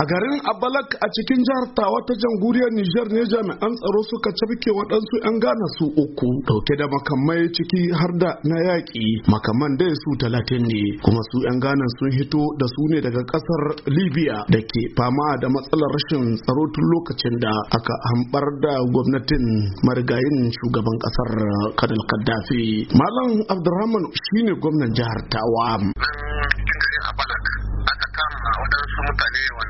A garin Abalak a cikin jihar Tawa ta jamhuriyar Nijar ne jami'an tsaro suka cafke waɗansu 'yan Gana su uku dauke da makamai ciki har da na yaƙi makaman dai su talatin ne kuma su 'yan Gana sun hito da su ne daga ƙasar Libya da ke fama da matsalar rashin tsaro tun lokacin da aka hambar da gwamnatin marigayin shugaban ƙasar Kadal Kaddafi. Malam Abdurrahman shine gwamnan jihar Tawa. Aka kama waɗansu mutane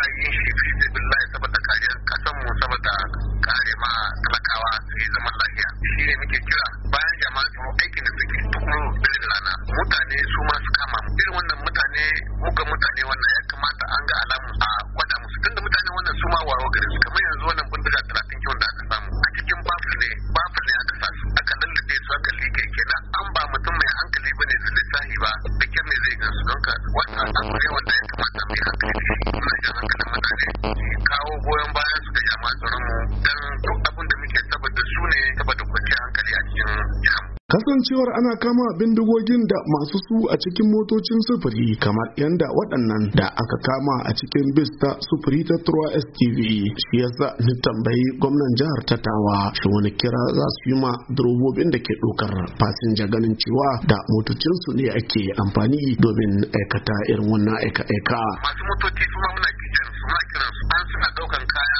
kasancewar ana kama bindigogin da masu su a cikin motocin sufuri kamar yadda waɗannan da aka kama a cikin bista sufuri ta turwa stv shi yasa ni tambayi gwamnan jihar ta tawa shi wani kira za su yi ma durobobin da ke ɗaukar fasinja ganin cewa da motocin su ne ake amfani domin aikata irin wannan aika-aika masu motoci su ma muna kicin su muna kiran su an suna ɗaukan kaya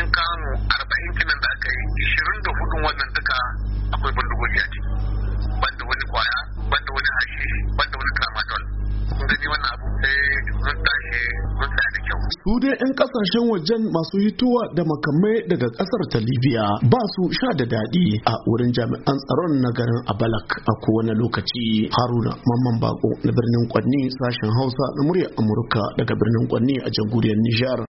cikin Kano, arba'in kinan da aka yi ishirin da hudun wannan duka akwai bindigogi a ciki banda wani kwaya banda wani hashe banda wani tramadol kun gani wannan abu sai mun tashi mun tsaya da kyau. su dai yan kasashen wajen masu hituwa da makamai daga kasar ta libya ba su sha da daɗi a wurin jami'an tsaron na garin abalak a kowane lokaci haruna mamman bako na birnin kwanni sashen hausa na murya amurka daga birnin kwanni a jamhuriyar nijar